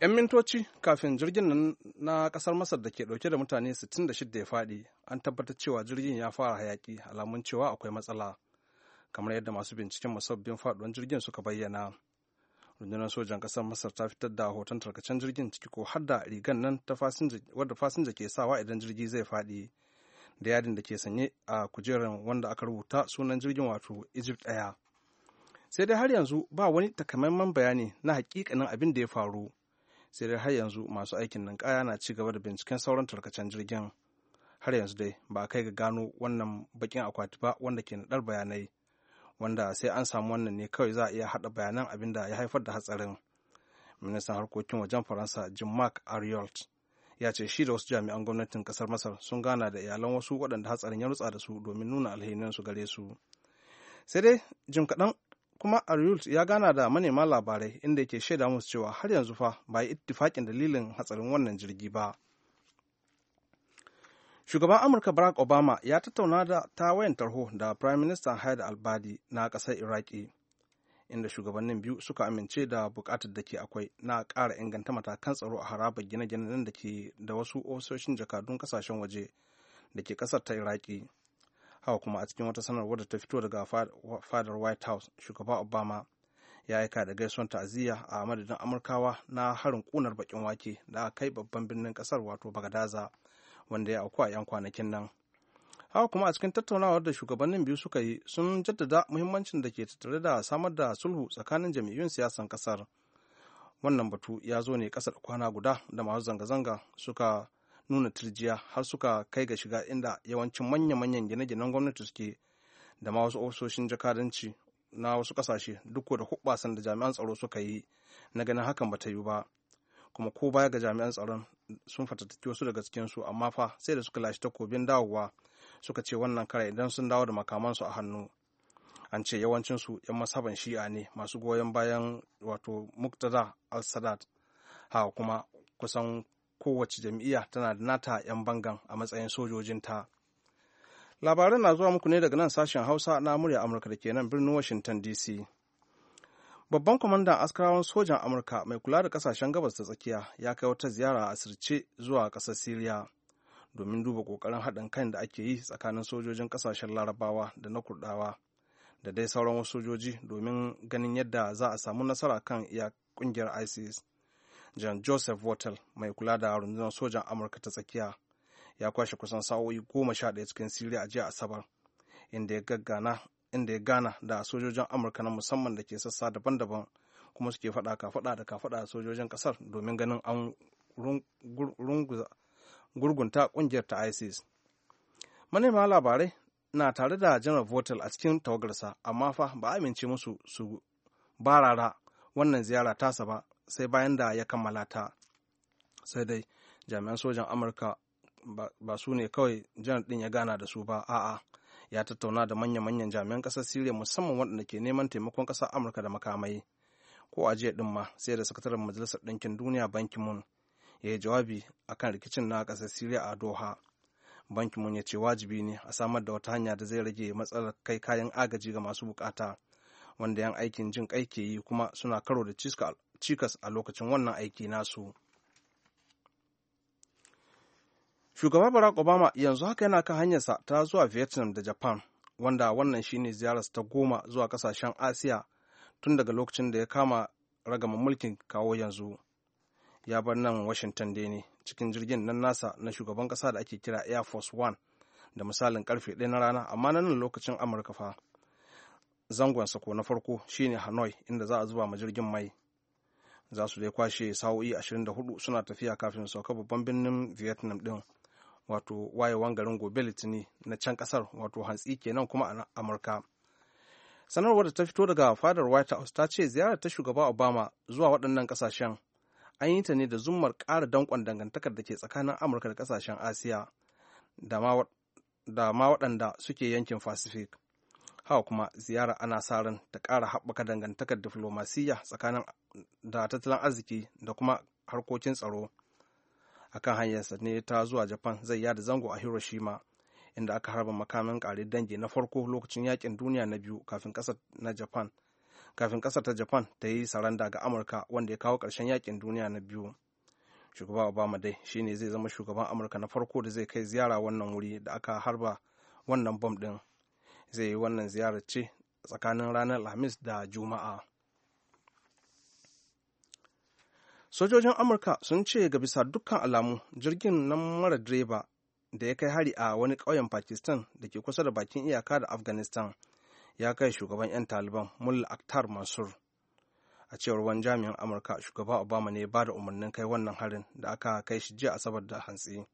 'yan mintoci kafin jirgin nan na kasar masar da ke dauke da mutane 66 ya faɗi an tabbatar cewa jirgin ya fara hayaki alamun cewa akwai matsala kamar yadda masu binciken masabbin faduwan jirgin suka bayyana rundunar sojan kasar masar ta fitar da hoton tarkacen jirgin ciki ko har da rigan nan ta wadda fasinja ke sawa idan jirgi zai faɗi da yadin da ke sanye a kujerar wanda aka rubuta sunan jirgin wato egypt ɗaya sai dai har yanzu ba wani takamaiman bayani na hakikanin abin da ya faru sai dai har yanzu masu aikin ninkaya na ci gaba da binciken sauran tarkacen jirgin har yanzu dai ba kai ga gano wannan bakin akwati ba wanda ke naɗar bayanai wanda sai an samu wannan ne kawai za a iya haɗa bayanan abin da ya haifar da hatsarin ministan harkokin wajen faransa jim mark ariolt ya ce shi da wasu jami'an gwamnatin kasar masar sun gana da iyalan wasu waɗanda hatsarin ya rutsa da su domin nuna alhinin su gare su sai dai jim kaɗan kuma Ariult ya gana da manema labarai inda yake shaida musu cewa har yanzu fa ba yi ittifakin dalilin hatsarin wannan jirgi ba. Shugaban Amurka Barack Obama ya tattauna da ta wayan tarho da Prime Minister Haida Albadi na ƙasar Iraki, inda shugabannin biyu suka amince da buƙatar da ke akwai na kara inganta matakan tsaro a harabar gine-ginen da ke da wasu ofisoshin jakadun ƙasashen waje da ke ƙasar ta Iraki. haka kuma a cikin wata sanarwar da ta fito daga fadar white house shugaba obama ya aika da gaisuwar ta'aziyya a madadin amurkawa na harin kunar bakin wake da aka kai babban birnin kasar wato bagadaza wanda ya auku a 'yan kwanakin nan haka kuma a cikin tattaunawar da shugabannin biyu suka yi sun jaddada muhimmancin da ke tattare da samar da sulhu tsakanin jam'iyyun siyasan kasar wannan batu ya zo ne kasar kwana guda da masu zanga-zanga suka nuna turjiya har suka kai ga shiga inda yawancin manya-manyan gine-ginen gwamnati suke da ma wasu ofisoshin jakadanci na wasu kasashe duk da hubbasan da jami'an tsaro suka yi na ganin hakan ba ta yi ba kuma ko baya ga jami'an tsaron sun fatattaki wasu daga su amma fa sai da suka lashe takobin dawowa suka ce wannan kara idan sun dawo da makamansu a hannu an ce su 'yan masaban shi'a ne masu goyon bayan wato muktada al-sadat ha kuma kusan kowace jam'iyya tana da nata 'yan bangan a matsayin sojojinta. Labaran na zuwa muku ne daga nan sashen Hausa na murya Amurka da ke nan birnin Washington DC. Babban kwamandan askarawan sojan Amurka mai kula da kasashen gabas ta tsakiya ya kai wata ziyara a asirce zuwa ƙasar Siriya domin duba ƙoƙarin haɗin kan da ake yi tsakanin sojojin ƙasashen Larabawa da na Kurɗawa da dai sauran wasu sojoji domin ganin yadda za a samu nasara kan iya ƙungiyar ISIS. jan joseph wattle mai kula da rundunar sojan amurka ta tsakiya ya kwashe kusan sa'o'i goma sha ɗaya cikin siriya a jiya asabar inda ya gaggana inda ya gana da sojojin amurka na musamman da ke sassa daban-daban kuma suke faɗa ka faɗa da ka faɗa sojojin ƙasar domin ganin an gurgunta ƙungiyar ta isis manema labarai na tare da janar votel a cikin tawagarsa amma fa ba amince musu su barara wannan ziyara tasa ba sai bayan da ya kammala ta sai dai jami'an sojan amurka ba su ne kawai janar din ya gana da su ba a'a ya tattauna da manya-manyan jami'an ƙasar siriya musamman waɗanda ke neman taimakon ƙasar amurka da makamai ko a jiya ma sai da sakataren majalisar ɗinkin duniya banki mun ya yi jawabi a kan rikicin na ƙasar siriya a doha banki mun ya ce wajibi ne a samar da wata hanya da zai rage matsalar kai kayan agaji ga masu bukata wanda yan aikin jin kai ke yi kuma suna karo da ciska cikas a lokacin wannan aiki nasu shugaba barack obama yanzu haka yana kan hanyarsa ta zuwa vietnam da japan wanda wannan shine ziyararsa ta goma zuwa kasashen asiya tun daga lokacin da ya kama ragama mulkin kawo yanzu ya bar nan washington dai ne cikin jirgin nan nasa na shugaban kasa da ake kira air force one da misalin karfe ɗaya na rana amma nan lokacin amurka fa zangonsa ko na farko shine hanoi inda za a zuba ma jirgin mai za su dai kwashe sa'o'i 24 suna tafiya kafin sauka babban birnin vietnam din wato wayewan garin gobe litini na can kasar wato hantsi kenan kuma a amurka sanarwar da ta fito daga fadar white house ta ce ziyarar ta shugaba obama zuwa waɗannan ƙasashen an yi ta ne da zummar ƙara danƙon dangantakar da ke tsakanin amurka da ƙasashen asiya da ma waɗanda suke yankin pacific hawa kuma ziyara ana sa ran ta kara haɓaka dangantakar diflomasiyya tsakanin da tattalin arziki da kuma harkokin tsaro akan hanyarsa ne ta zuwa japan zai yada zango a hiroshima inda aka harba makamin ƙare dangi na farko lokacin yakin duniya na biyu kafin ƙasar na japan kafin ƙasar ta japan ta yi saranda ga amurka wanda ya kawo ƙarshen yakin duniya na biyu shugaba obama dai shine zai zama shugaban amurka na farko da zai kai ziyara wannan wuri da aka harba wannan bom ɗin zai yi wannan ziyarar ce tsakanin ranar alhamis da juma'a sojojin amurka sun ce ga bisa dukkan alamu jirgin nan mara direba da ya kai hari a wani ƙauyen pakistan da ke kusa da bakin iyaka da afghanistan ya kai shugaban 'yan taliban mulla akhtar mansur a cewar wani jami'in amurka shugaba obama ne ba da umarnin kai wannan harin da aka kai shi jiya asabar da hantsi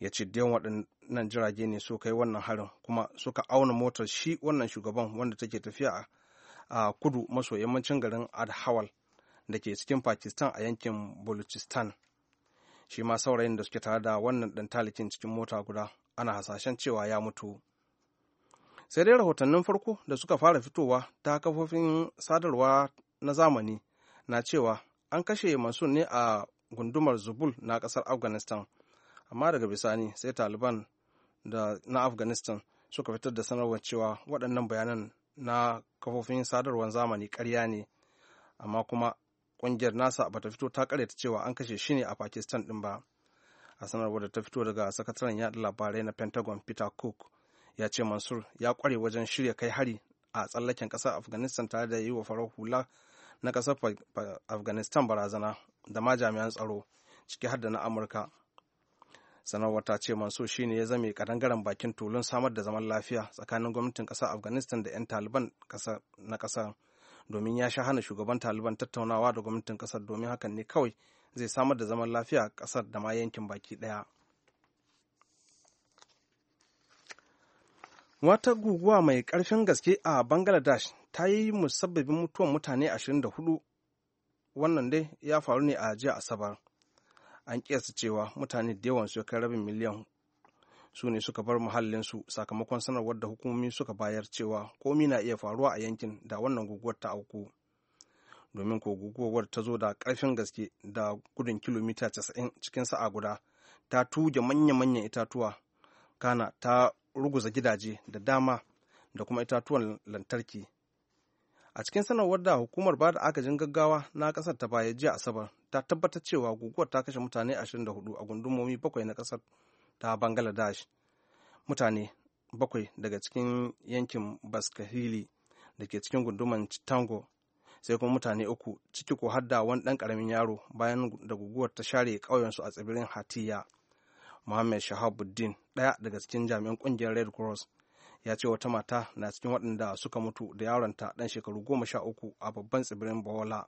ya ce da waɗannan jirage ne suka yi wannan harin kuma suka auna motar shi wannan shugaban wanda take tafiya a kudu maso yammacin garin adhawal da ke cikin pakistan a yankin baluchistan shi ma saurayin da suke tare da wannan ɗan talikin cikin mota guda ana hasashen cewa ya mutu sai dai rahotannin farko da suka fara fitowa ta kafofin sadarwa na zamani na cewa an kashe masu ne a gundumar zubul na ƙasar afghanistan amma daga bisani sai taliban da na afghanistan suka fitar da sanarwar cewa waɗannan bayanan na kafofin sadarwar zamani karya ne amma kuma ƙungiyar nasa ba ta fito ta karyata cewa an kashe shi ne a pakistan ɗin ba a sanarwar da ta fito daga sakataren yaɗa labarai na pentagon peter cook ya ce mansur ya ƙware wajen shirya kai hari a tsallaken ƙasar afghanistan tare da yi wa farar hula na ƙasar afghanistan barazana da ma jami'an tsaro ciki har da na amurka sanarwar ta ce manso ne ya zame kadangaren bakin tulun samar da zaman lafiya tsakanin gwamnatin ƙasar afghanistan da 'yan taliban na ƙasar domin ya sha hana shugaban taliban tattaunawa da gwamnatin ƙasar domin hakan ne kawai zai samar da zaman lafiya a ƙasar da ma yankin baki ɗaya wata guguwa mai karfin gaske a bangladesh ta yi musabbabin mutuwan mutane 24 wannan dai ya faru ne a jiya asabar an kiyasta cewa mutane da yawan su kai rabin miliyan su ne suka bar muhallinsu sakamakon sanarwar da hukumomi suka bayar cewa komi na iya faruwa a yankin da wannan guguwar ta auku domin ko guguwar ta zo da karfin gaske da gudun kilomita 90 cikin sa'a guda ta tuge manya-manyan itatuwa kana ta ruguza gidaje da dama da kuma itatuwan lantarki a cikin sanarwar da hukumar bada agajin gaggawa na kasar ta baya jiya asabar ta tabbatar cewa guguwar ta kashe mutane 24 a gundumomi bakwai na kasar ta bangladesh mutane bakwai daga cikin yankin baskahili da ke cikin gunduman tango sai kuma mutane uku ciki ko da wani dan karamin yaro bayan da guguwar ta share su a tsibirin hatiya muhammad shahabuddin ɗaya daga cikin jami'an ƙungiyar red cross ya ce wata mata na cikin waɗanda suka mutu da yaronta ɗan shekaru goma sha uku a babban tsibirin bola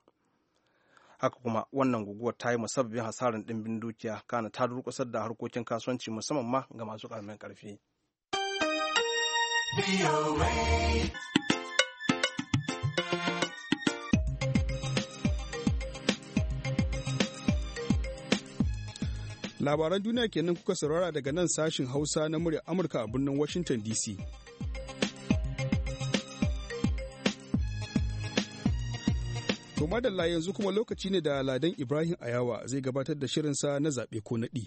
haka kuma wannan guguwar ta yi musabbin hasarar ɗimbin dukiya kana ta durƙusar da harkokin kasuwanci musamman ma ga masu ƙaramin ƙarfi. Labaran duniya kenan kuka saurara daga nan sashin Hausa na murya Amurka a birnin Washington DC. To madalla yanzu kuma lokaci ne da Ladan Ibrahim Ayawa zai gabatar da shirinsa na zaɓe ko naɗi.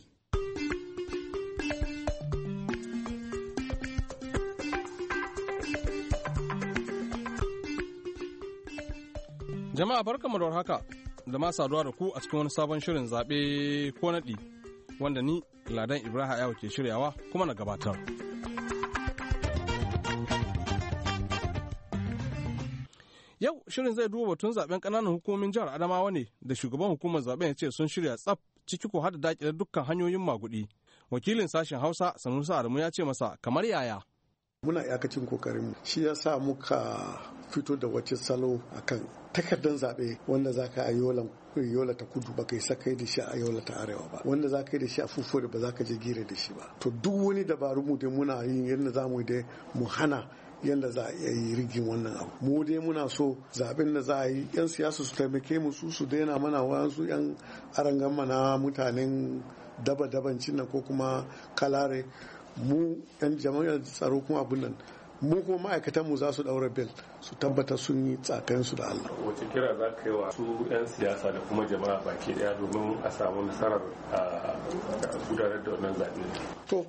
Jama'a barkamu da haka da ma saduwa da ku a cikin wani sabon shirin zaɓe ko naɗi wanda ni Ladan Ibrahim Ayawa ke shiryawa kuma na gabatar. shirin zai duba batun zaben kananan hukumomin jihar Adamawa ne da shugaban hukumar zaben ya ce sun shirya tsaf ciki ko hada dakilar dukkan hanyoyin maguɗi. Wakilin sashen Hausa Sanusi Adamu ya ce masa kamar yaya. Muna iyakacin mu shi ya sa muka fito da wacce salo a kan takardar zaɓe wanda za ka yola yola ta kudu ba ka kai sakai da shi a yola ta arewa ba wanda za ka yi da shi a fufure ba za ka je gire da shi ba to duk wani dabaru mu dai muna yin yadda za mu dai mu hana yadda za a yi rigin wannan abu mu dai muna so zaben da za a yi yan siyasa su taimake mu su su daina mana wasu yan arangan mana mutanen daba-dabancin nan ko kuma kalare mu yan jama'ar tsaro kuma abin nan mu kuma ma'aikatan mu za su daura bil su tabbata sun yi tsakanin su da Allah wace kira za ka yi wa su yan siyasa da kuma jama'a baki daya domin a samu nasarar a gudanar da wannan zaɓe to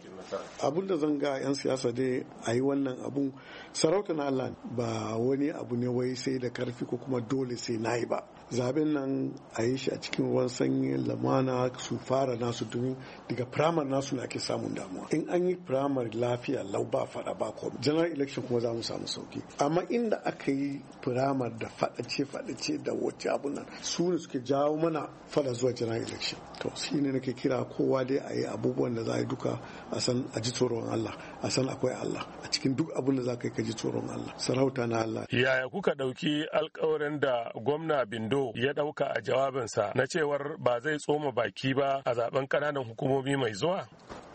abin da zan ga yan siyasa dai a yi wannan abun sarauta na Allah ba wani abu ne wai sai da karfi ko kuma dole sai na yi ba zaben nan a yi shi a cikin ruwan sanyi lamana su fara nasu dumi daga firamar nasu na ake samun damuwa in an yi firamar lafiya lau ba fada ba komai general election kuma za mu samu sauki amma inda aka yi firamar da fadace fadace da wace abun nan su ne suke jawo mana fada zuwa general election to shi ne nake kira kowa dai a yi abubuwan da za a yi duka a san a ji tsoron Allah a san akwai Allah a cikin duk abun da za ka yi ka ji tsoron Allah sarauta na Allah yaya kuka ɗauki alkawarin da gwamna Bindo Bello ya ɗauka a jawabinsa na cewar ba zai tsoma baki ba a zaben ƙananan hukumomi mai zuwa?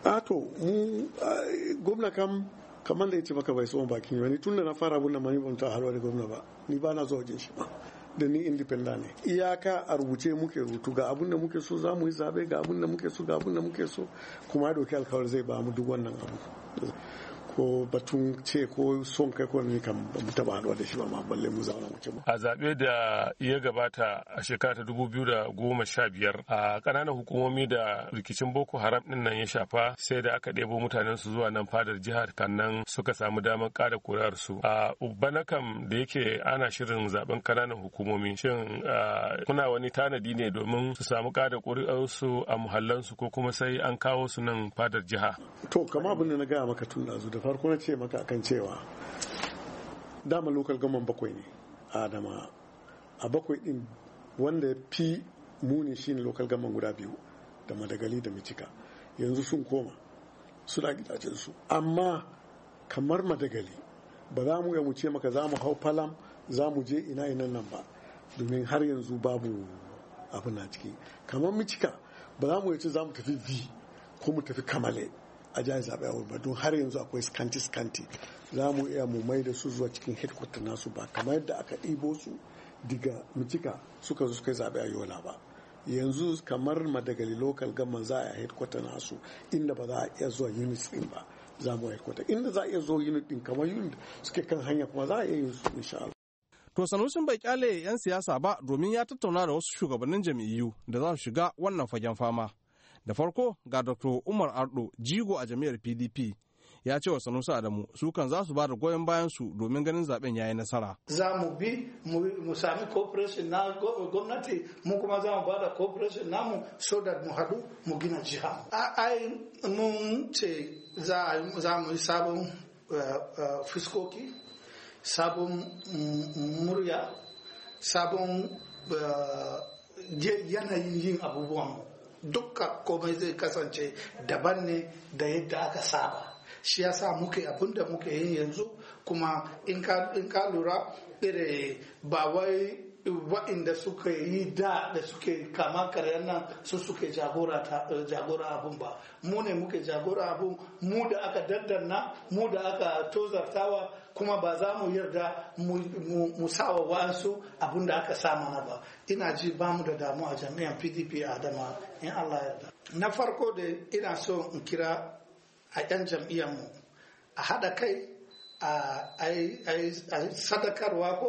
Ato, mu gwamna kam kamar da ya ce maka bai tsoma baki ba ni tun da na fara abun da mani ban ta halwa da gwamna ba ni ba na zuwa jin shi ba. da ni independent ne iyaka a rubuce muke rutu ga abin da muke so za mu yi zabe ga abin da muke so ga abin da muke so kuma doki alkawar zai ba mu duk wannan abu ko batun ce ko son kai ko ne kan ba mu haɗuwa da shi ba ma balle mu zauna mu ce ba. A zaɓe da ya gabata a shekara ta dubu biyu da goma sha biyar a ƙananan hukumomi da rikicin Boko Haram ɗin nan ya shafa sai da aka ɗebo mutanen su zuwa nan fadar jihar kannan suka samu damar ƙara kuri'ar su. A na kam da yake ana shirin zaɓen ƙananan hukumomi shin kuna wani tanadi ne domin su samu ƙara kuri'ar su a muhallansu ko kuma sai an kawo su nan fadar jiha. To kama abin da na gaya maka tun da da farko na ce maka kan cewa dama lokal gaman bakwai ne adama a bakwai din wanda fi muni shine lokal gaman guda biyu da madagali da micika yanzu sun koma suna gidajensu amma kamar madagali ba za mu mu ce maka za mu hau falam za mu je ina ina nan ba domin har yanzu babu abin na ciki kamar micika ba za mu yace za mu tafi v ko mu tafi kamale a jihar zaɓe a don har yanzu akwai skanti skanti za mu iya mu mai da su zuwa cikin headquarter nasu ba kamar yadda aka ɗibo su diga micika suka zo suka zaɓe a yola ba yanzu kamar madagali local gama za a yi headquarter nasu inda ba za a iya zuwa unit din ba za mu headquarter inda za a iya zuwa unit din kamar unit suke kan hanya kuma za a iya yin su insha Allah To Sanusin bai kyale 'yan siyasa ba domin ya tattauna da wasu shugabannin jam'iyyu da za su shiga wannan fagen fama. da farko ga dr umar ardo jigo a jami'ar pdp ya ce wa sanusi adamu su kan za su ba da goyon bayan su domin ganin zaben yayi nasara za mu bi mu sami cooperation na gwamnati mu kuma za mu ba da cooperation namu so da mu haɗu mu gina jiha ai mun ce za mu yi sabon eh, eh, fuskoki sabon mm, murya sabon eh, yanayin yin abubuwanmu dukka komai zai kasance daban ne da yadda aka saba shi ya sa muke abin da muke yin yanzu kuma in ka lura ire ba wai wa'inda suka yi da da suke kama karyar nan su suke jagora abun ba mu ne muke jagora abun mu da aka daddanna mu da aka tozartawa kuma ba za mu yarda mu sawa wa'ansu abun da aka sa mana ba ina ji ba mu da a jami'an pdp adama in allah yarda na farko da ina so in kira a 'yan mu a haɗa kai a sadakarwa ko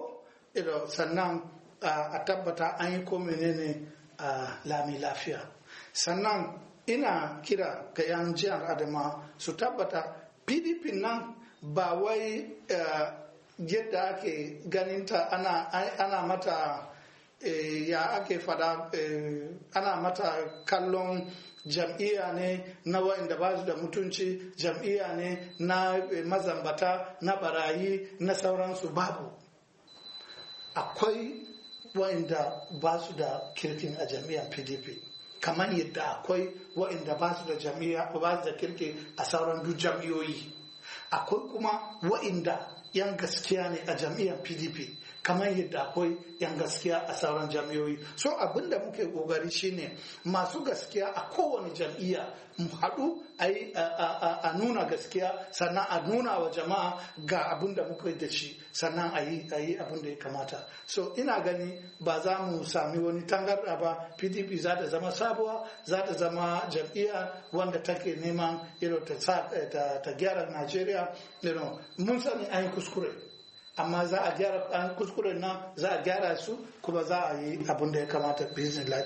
sannan a tabbata an yi ko menene a lami lafiya sannan ina kira ga 'yan jihar adama su tabbata pdp nan ba wai eh, yadda ake ganinta ana, mata eh, ya ake fada eh, ana mata kallon jam'iyya ne na wa'inda ba su da mutunci jam'iyya ne na mazambata na barayi na sauransu babu akwai wa'inda ba su da kirkin a jami'an pdp kamar yadda akwai wa'inda ba su da jami'a kirki a sauran duk jami'oyi akwai kuma wa'inda yan gaskiya ne a jami'an pdp kamar yadda akwai 'yan gaskiya a sauran jami'o'i, so abin da muke kokari shine masu gaskiya a kowane jam'iyya mu haɗu a nuna gaskiya sannan a nuna wa jama'a ga abinda muke da shi sannan a yi abinda ya kamata so ina gani ba za mu sami wani tangarɗa ba pdp za ta zama sabuwa za ta zama jam'iyya wanda take neman eh, ta gyara najeriya mun sani an kuskure amma za a gyara kuskuren nan za a gyara su kuma za a yi abin da ya kamata bizin la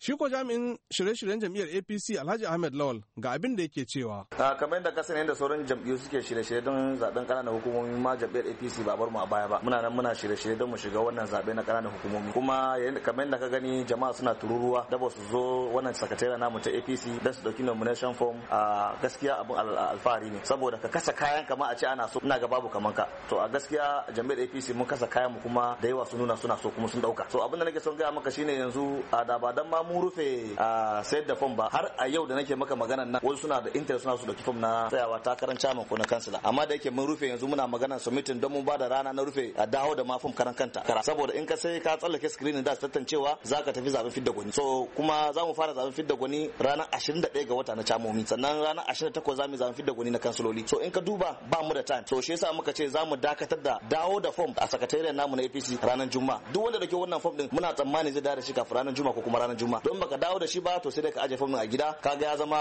Shi ko jami'in shirye-shiryen jam'iyyar APC Alhaji Ahmed Lawal ga abin da yake cewa. Kamar yadda ka sani da sauran jam'iyyu suke shirye-shirye don zaben ƙananan hukumomi ma jam'iyyar APC ba bar mu a baya ba. Muna nan muna shirye-shirye don mu shiga wannan zaɓe na ƙananan hukumomi. Kuma kamar yadda ka gani jama'a suna tururuwa da ba su zo wannan sakatare namu ta APC don su ɗauki nomination form a gaskiya abin alfahari ne. Saboda ka kasa kayan kama a ce ana so ina ga babu kamar ka. To a gaskiya jam'iyyar APC mun kasa kayan mu kuma da yawa sun nuna suna so kuma sun ɗauka. So abin da nake son gaya maka shine yanzu a da ba dan ma mun rufe a sayar da fom ba har a yau da nake maka magana nan wasu suna da interest suna su dauki fom na tsayawa karan chairman ko na kansila amma da yake mun rufe yanzu muna magana submitting don mun bada rana na rufe a dawo da ma fom karan kanta saboda in ka sai ka tsallake screening da tantancewa zaka tafi zaben fidda gwani so kuma za mu fara zaben fidda gwani ranar 21 ga wata na chamomi sannan ranar 28 za mu zaben fidda gwani na kansiloli so in ka duba ba mu da time so shi yasa muka ce za mu dakatar da dawo da fom a sakatariyar namu na APC ranar Juma'a duk wanda dake wannan fom din muna tsammani zai dare shi kafin ranar Juma'a ko kuma ranar Juma'a don baka dawo da shi ba to sai dai ka aje fomin a gida kaga ya zama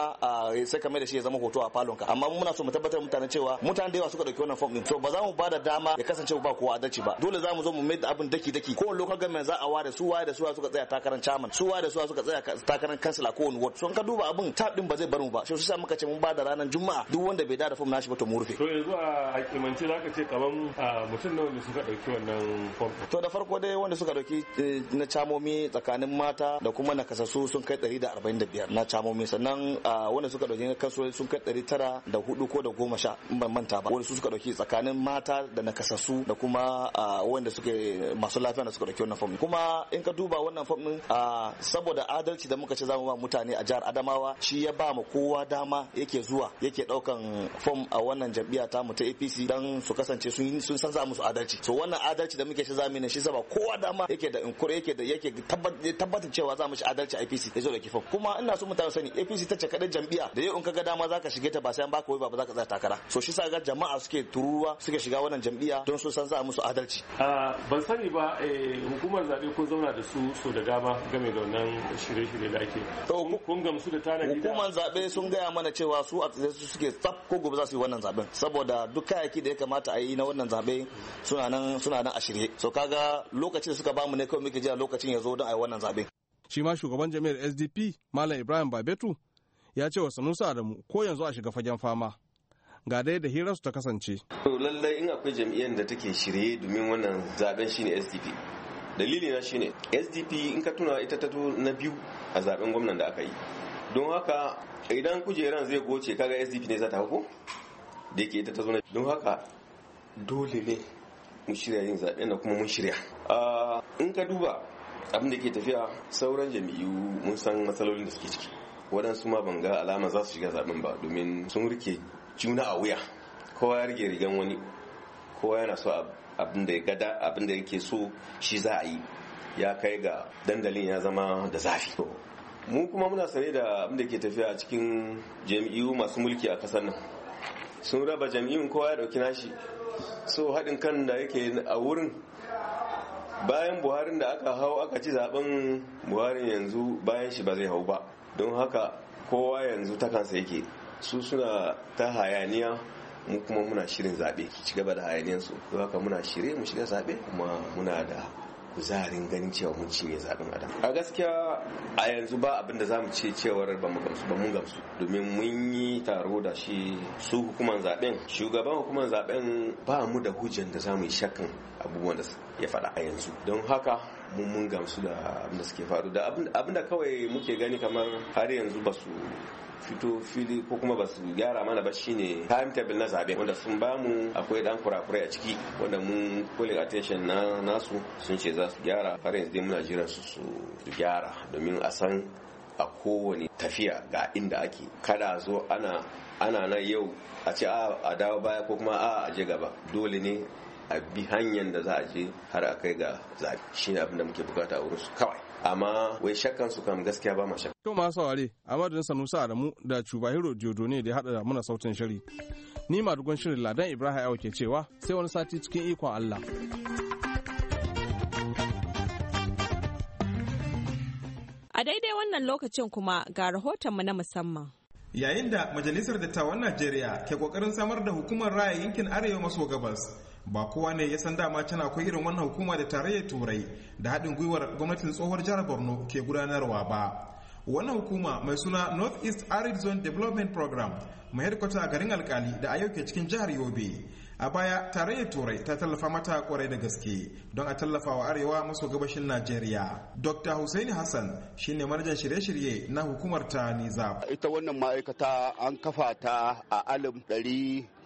sai ka mai da shi ya zama hoto a falon ka amma muna so mu tabbatar mutane cewa mutane da yawa suka dauki wannan fom din to ba za mu bada dama ya kasance ba kowa adalci ba dole za mu zo mu mai da abin daki daki ko lokal government za a ware su waye da su suka tsaya takarar chairman su waye da su suka tsaya takarar councilor ko wani ward so ka duba abin tab din ba zai bar mu ba shi sa muka ce mun bada ranar juma'a duk wanda bai da fom nashi ba to mu rufe to yanzu a hakimanci zaka ce kaman mutum nawa ne suka dauki wannan fom to da farko dai wanda suka dauki eh, na chamomi tsakanin mata da kuma na nakasassu sun kai 145 na camomi sannan wanda suka dauki kansu sun kai 904 ko da goma sha ban manta ba wanda su suka dauki tsakanin mata da na nakasassu da kuma wanda suke masu lafiya da suka dauki wannan fam kuma in ka duba wannan fom din saboda adalci da muka ce zamu ba mutane a jihar Adamawa shi ya ba mu kowa dama yake zuwa yake daukan fom a wannan jam'iyya ta mu ta APC dan su kasance sun sun san za mu su adalci to wannan adalci da muke ce zamu ne shi saba kowa dama yake da inkuri yake da yake tabbatar cewa za mu shi adalci adalci APC ta zo da kifin kuma ina so mutane sani APC ta ce jam'iya jam'iyya da yau in ka ga dama zaka shige ta ba sai an baka wai ba za ka tsaya takara so shi sa ga jama'a suke turuwa suke shiga wannan jam'iyya don su san za a musu adalci ban sani ba eh, hukumar zabe ko zauna da su so da dama game da wannan shirye-shirye da ake to kun gamsu da tanadi hukumar zabe sun gaya mana cewa su a tsaye su suke tsaf ko gobe za su yi wannan zaben saboda duk kayayyaki da ya kamata a yi na wannan zabe suna nan suna nan a shirye so kaga lokacin da suka mu ne kawai muke jira lokacin ya zo don a yi wannan zabe shi ma shugaban jami'ar sdp malam ibrahim babetu ya ce wa sanusi adamu ko yanzu a shiga fagen fama ga dai da hirarsu ta kasance to lallai in akwai jam'iyyar da take shirye domin wannan zaben shine sdp dalili na shine sdp in ka tuna ita ta na biyu a zaben gwamnan da aka yi don haka idan kujeran zai goce kaga sdp ne za ta hako da yake ita ta zo don haka dole ne mu shirya yin zaɓe na kuma mun shirya ah, in ka duba abin ke tafiya sauran jami'u mun san matsalolin da suke ciki waɗansu ma ban ga alama za su shiga zaben ba domin sun rike juna a wuya kowa ya rike rigan wani kowa yana so abin ya gada abin da yake so shi za a yi ya kai ga dandalin ya zama da zafi mu kuma muna sane da abin ke tafiya a cikin jami'u masu mulki a kasar nan sun raba jami'in kowa ya ɗauki nashi so haɗin kan da yake a wurin bayan buharin da aka hau aka ci zaben buharin yanzu bayan shi ba zai hau ba don haka kowa yanzu ta kansa yake su suna ta hayaniya mu kuma muna shirin zaɓe ki ci gaba da su don haka muna shirye mu shiga zaɓe kuma muna da kuzarin ganin cewa mun cinye zaɓen adam a gaskiya a yanzu ba abin da zamu ce cewar ba mu gamsu ba mun gamsu domin mun yi taro da shi su hukuman zaɓen shugaban hukuman zaɓen ba mu da hujjan da zamu yi shakkan abubuwan da ya faɗa a yanzu don haka mun gamsu da abinda suke faru da abinda kawai muke gani kamar har yanzu ba su fito fili ko kuma ba su gyara mana ba shine timetable na zabe wanda sun ba mu akwai dan kurakurai a ciki wanda mun calling attention na nasu sun ce za su gyara har yanzu dai muna jiran su su gyara domin a san a kowane tafiya ga inda ake kada zo ana ana nan yau a ce ah, a dawo baya ko kuma ah, a je gaba dole ne a bi hanyar da za a je har a kai ga zaɓe shi ne abin da muke bukata a wurin su kawai amma wai shakkan su kan gaskiya ba ma shakka. to ma saurare a madadin sanusa adamu da Chubahiro jodo ne da ya haɗa mana sautin shiri ni madugon shirin ladan ibrahim yawo ke cewa sai wani sati cikin ikon allah. A daidai wannan lokacin kuma ga rahoton rahotonmu na musamman. Yayin da Majalisar Dattawan Najeriya ke kokarin samar da hukumar raya yankin Arewa maso gabas ba kowa ne ya san dama can akwai irin wannan hukuma da tarayyar turai da haɗin gwiwar gwamnatin tsohuwar jihar borno ke gudanarwa ba wannan hukuma mai suna north east arid zone development program mai hedkwata a garin alkali da a ke cikin jihar yobe a baya tarayyar turai ta tallafa mata kwarai da gaske don a tallafa wa arewa maso gabashin najeriya dr hussaini hassan shine manajan shirye-shirye na hukumar ta niza ita wannan ma'aikata an kafa ta a alif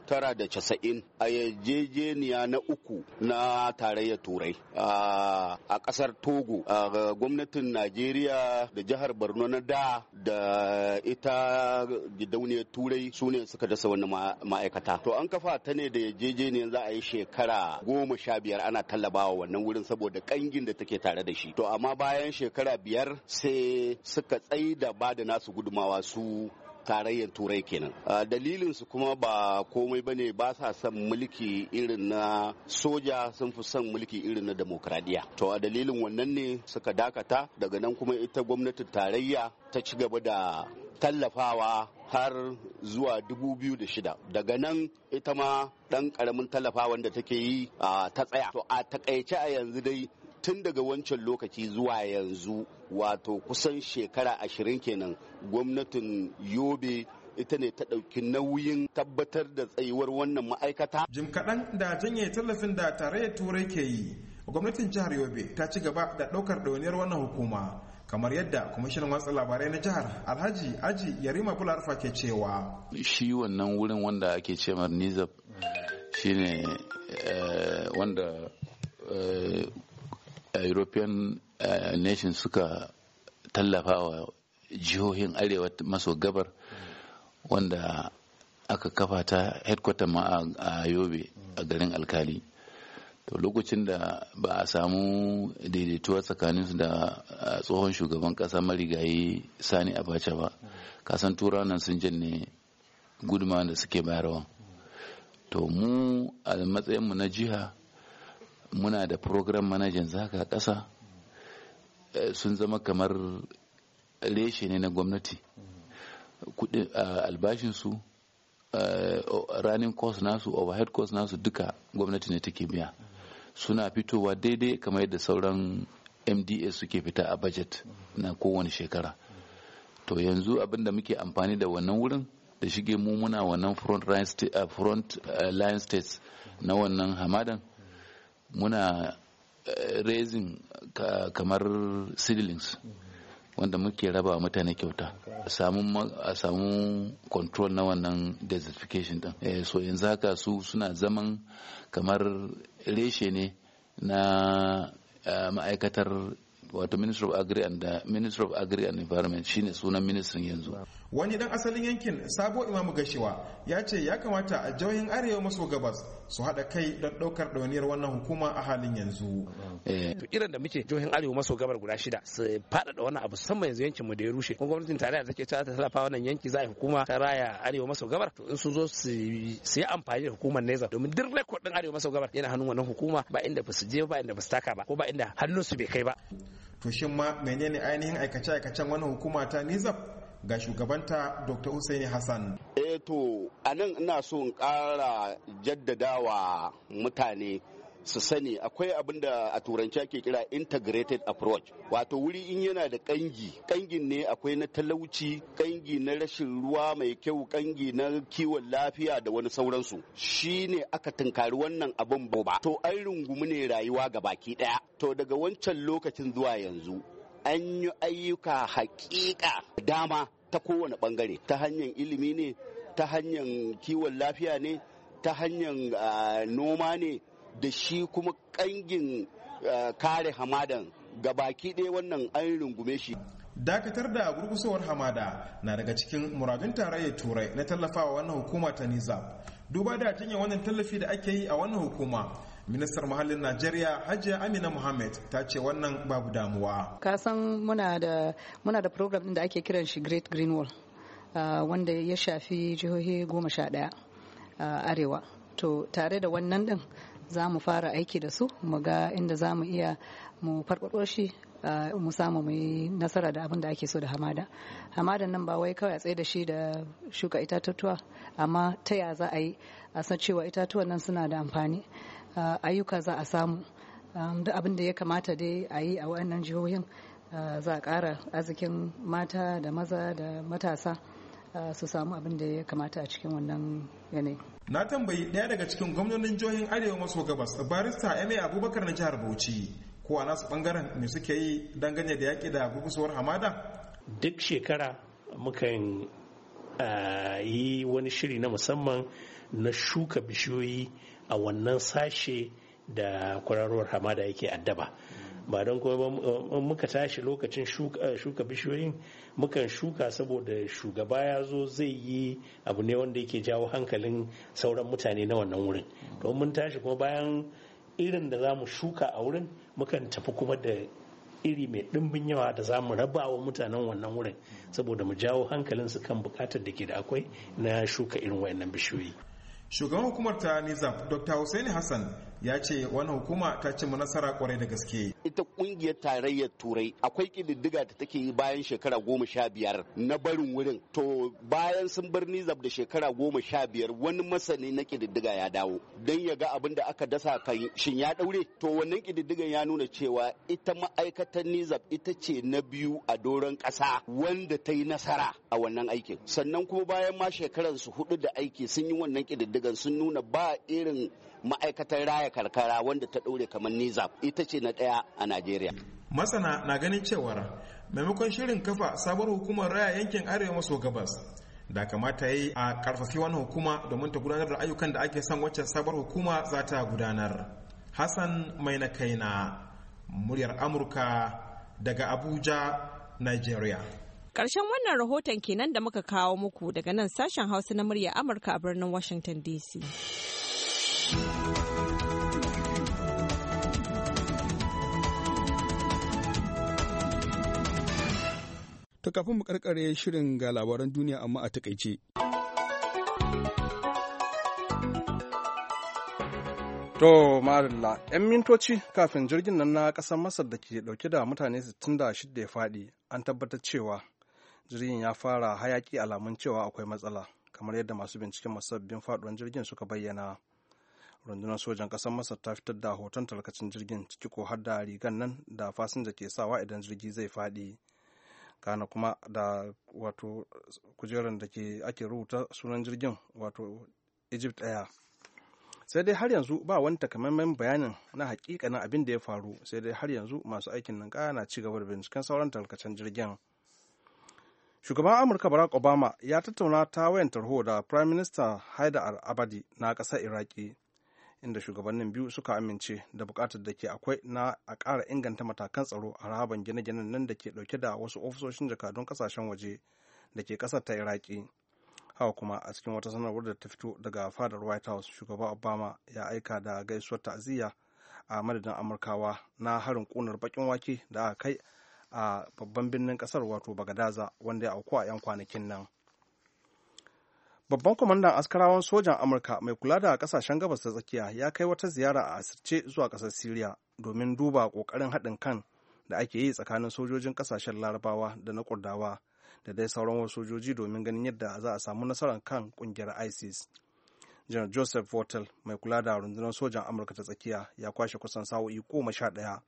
Tara da casa'in a yarjejeniya na uku na tarayyar turai a kasar togo A gwamnatin najeriya da jihar borno na da da ita gidauniyar turai su ne suka dasa wani ma'aikata to an kafa ta ne da yarjejeniyar za a yi shekara goma sha biyar ana tallabawa wannan wurin saboda kangin da take tare da shi to amma bayan shekara biyar sai suka tsaida ba da nasu gudumawa su tarayyar turai kenan dalilin su kuma ba komai bane ba sa son mulki irin na soja sun fi son mulki irin na demokradiya to a dalilin wannan ne suka dakata daga nan kuma ita gwamnatin tarayya ta ci gaba da tallafawa har zuwa 2006 daga nan ita ma dan karamin tallafa wanda take yi ta tsaya to a takaice a yanzu dai tun daga wancan lokaci zuwa yanzu wato kusan shekara ashirin kenan gwamnatin yobe ita ne ta ɗauki nauyin tabbatar da tsayuwar wannan ma'aikata. jim kaɗan da janye tallafin da tare tarayyar turai ke yi gwamnatin jihar yobe ta ci gaba da ɗaukar ɗauniyar wannan hukuma kamar yadda kwamishinan watsa labarai na jihar alhaji aji yarima bularfa ke cewa shi wannan wurin wanda ake ce nizab shine eh, wanda eh, european eh, nation suka tallafa wa jihohin arewa maso gabar wanda aka kafa ta headquarter ma a yobe a garin alkali to lokacin da ba a samu daidaituwa tsakaninsu da eh, tsohon shugaban kasa marigayi sani abacha ba kasan tura nan sun janne gudunmawa da suke bayarwa to mu a matsayinmu na jiha muna da program manajan zaka ƙasa eh, sun zama kamar reshe ne na gwamnati kudin albashinsu eh, ranin cost nasu overhead cost nasu duka gwamnati ne take biya suna fitowa daidai kamar yadda sauran mda suke fita a budget na kowane shekara to yanzu abinda muke amfani da wannan wurin da shige mu muna wannan front line eh, states na wannan hamadan muna eh, raising kamar seedlings wanda muke raba mutane kyauta a samu control na wannan desertification din eh, so yanzu haka su suna zaman kamar reshe ne na eh, ma'aikatar wato minister of agri and the minister of agri and environment shine sunan ministrin yanzu wani dan asalin yankin sabo imamu gashiwa ya ce ya kamata a jihohin arewa maso gabas su haɗa kai don ɗaukar ɗauniyar wannan hukuma a halin yanzu. Eh. to irin da muke jihohin arewa maso gabar guda shida su faɗaɗa wannan abu sama yanzu yankin mu da ya rushe kuma gwamnatin tarayya take cewa ta tallafa wannan yanki za a hukuma ta raya arewa maso gabar to in su zo su yi amfani da hukumar neza domin duk rekod ɗin arewa maso gabar yana hannun wannan hukuma ba inda ba su je ba inda ba su taka ba ko ba inda hannun su bai kai ba. to shin ma menene ainihin aikace-aikacen wannan hukuma ta nizab ga shugabanta dr Hussaini hassan Eto, eh a nan ina so in ƙara jaddadawa mutane su sani akwai abin da a turanci ake kira integrated approach wato wuri in yana da kangi kangin ne akwai na talauci kangi na rashin ruwa mai kyau kangi na kiwon lafiya da wani sauransu shi ne aka tunkari wannan abin boba to an rungumi ne rayuwa ga baki daya to daga wancan lokacin zuwa yanzu an yi ayyuka haƙiƙa dama ta kowane ɓangare ta hanyar ilimi ne ta hanyar kiwon lafiya ne ta hanyar noma ne da shi kuma ƙangin kare hamadan ga baki ɗaya wannan an rungume shi dakatar da gurgusowar hamada na daga cikin muradun tarayyar turai na tallafawa wannan hukuma ta nizam duba da cinye wannan tallafi da ake yi a wannan hukuma ministar muhallin najeriya hajiya amina muhammad ta ce wannan babu damuwa ka san muna da muna da program din da ake kiran shi great green wall uh, wanda ya shafi jihohi goma sha daya uh, arewa to tare da wannan din za mu fara aiki da su mu ga inda za mu iya mu farfado shi uh, mu samu mu nasara da abin da ake so da hamada hamada nan ba wai kawai a tsaye da shi da shuka itatuwa amma ta ya za a yi a san cewa itatuwan nan suna da amfani Uh, ayyuka za a samu um, duk abin da ya kamata dai a yi a wannan jihohin uh, za a ƙara arzikin mata da maza da matasa uh, su samu abin da ya kamata a cikin wannan yanayi. na tambayi ɗaya daga cikin gwamnonin jihohin arewa maso gabas barista ma abubakar na jihar bauchi ko a nasu bangaren me suke yi dangane da yaƙi da gugusuwar hamada duk shekara muka yi wani shiri na musamman na shuka bishiyoyi a wannan sashe da kwararowar hamada yake addaba ba don kuma muka tashi lokacin eh, shuka bishiyoyin mukan shuka saboda shugaba ya zo zai yi abu ne wanda yake jawo hankalin sauran mutane na wannan wurin to mun tashi kuma bayan irin da za mu shuka a wurin mukan tafi kuma da iri mai ɗimbin yawa da za mu raba wa mutanen wannan wurin saboda mu jawo hankalin su kan bukatar da ke da akwai na shuka irin wayannan bishiyoyi shugaban hukumar ta nizam dr hussein hassan ya ce wani hukuma ta ci nasara kwarai da gaske ita kungiyar tarayyar turai akwai kididdiga da take yi bayan shekara goma sha biyar na barin wurin to bayan sun bar nizab da shekara goma sha biyar wani masani na kididdiga ya dawo don ya ga abin da aka dasa kan shin ya daure to wannan kididdigan ya nuna cewa ita ma'aikatar nizab ita ce na biyu a doron ƙasa wanda ta yi nasara a wannan aikin sannan kuma bayan ma shekaransu hudu da aiki sun yi wannan kididdigan sun nuna ba irin ma'aikatar raya karkara wanda ta ɗaure kamar nizam ita ce na ɗaya a najeriya masana na ganin cewar maimakon shirin kafa sabuwar hukumar raya yankin arewa maso gabas da kamata yi a karfafi wani hukuma domin ta gudanar da ayyukan da ake son wacce sabuwar hukuma za ta gudanar hassan mai na kaina muryar amurka daga abuja nigeria Ƙarshen wannan rahoton kenan da muka kawo muku daga nan sashen hausa na murya amurka a birnin washington dc To kafin mu karkare shirin ga labaran duniya amma a takaice. To Marilla, 'yan mintoci kafin jirgin nan na ƙasar Masar da ke ɗauke da mutane 66 ya faɗi, an tabbatar cewa jirgin ya fara hayaki alamun cewa akwai matsala, kamar yadda masu binciken masabbin faɗuwar jirgin suka bayyana. Rundunar sojan ƙasar Masar ta fitar da hoton talkacin jirgin ciki ko har da rigan nan da fasinja ke sawa idan jirgi zai faɗi. kana kuma da wato kujerar da ke ake rubuta sunan jirgin wato egypt aya sai dai har yanzu ba wani takamaiman bayanin na na abin da ya faru sai dai har yanzu masu aikin nan na ci gaba da binciken sauran tarkacen jirgin shugaban amurka barack obama ya tattauna ta wayan tarho da prime minister haidar abadi na ƙasar iraki inda shugabannin biyu suka amince da bukatar da ke akwai na a ƙara inganta matakan tsaro a haraban gine-ginen nan da ke ɗauke da wasu ofisoshin jakadun ƙasashen waje da ke ƙasar ta iraki hawa kuma a cikin wata sanarwar da ta fito daga fadar white house shugaba obama ya aika da gaisuwar ta'aziyya a madadin amurkawa na harin ƙunar bakin wake da aka kai a babban birnin ƙasar wato bagadaza wanda ya auku a 'yan kwanakin nan. babban kwamandan askarawan sojan amurka mai kula da kasashen gabas ta tsakiya ya kai wata ziyara a asirce zuwa ƙasar siriya domin duba kokarin haɗin kan da ake yi tsakanin sojojin ƙasashen larabawa da na kurdawa da dai sauran wasu sojoji domin ganin yadda za a samu nasarar kan ƙungiyar isis janar joseph Votel mai kula da rundunar sojan amurka ta tsakiya ya kwashe kusan sa'o'i goma sha ɗaya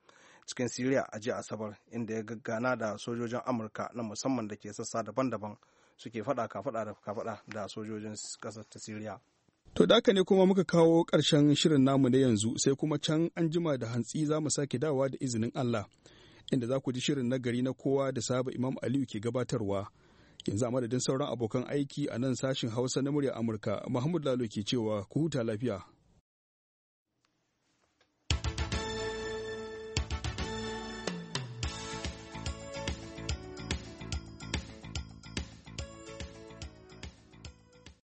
cikin siriya a jiya asabar inda ya gaggana da sojojin amurka na musamman da ke sassa daban-daban suke faɗa kafaɗa da kafaɗa da sojojin ƙasar ta Siriya. To da ka ne kuma muka kawo ƙarshen shirin namu na yanzu sai kuma can an jima da hantsi za mu sake dawa da izinin Allah inda za ku ji shirin na gari na kowa da saba Imam Aliyu ke gabatarwa. Yanzu a madadin sauran abokan aiki a nan sashin Hausa na murya Amurka Muhammadu Lalo ke cewa ku huta lafiya.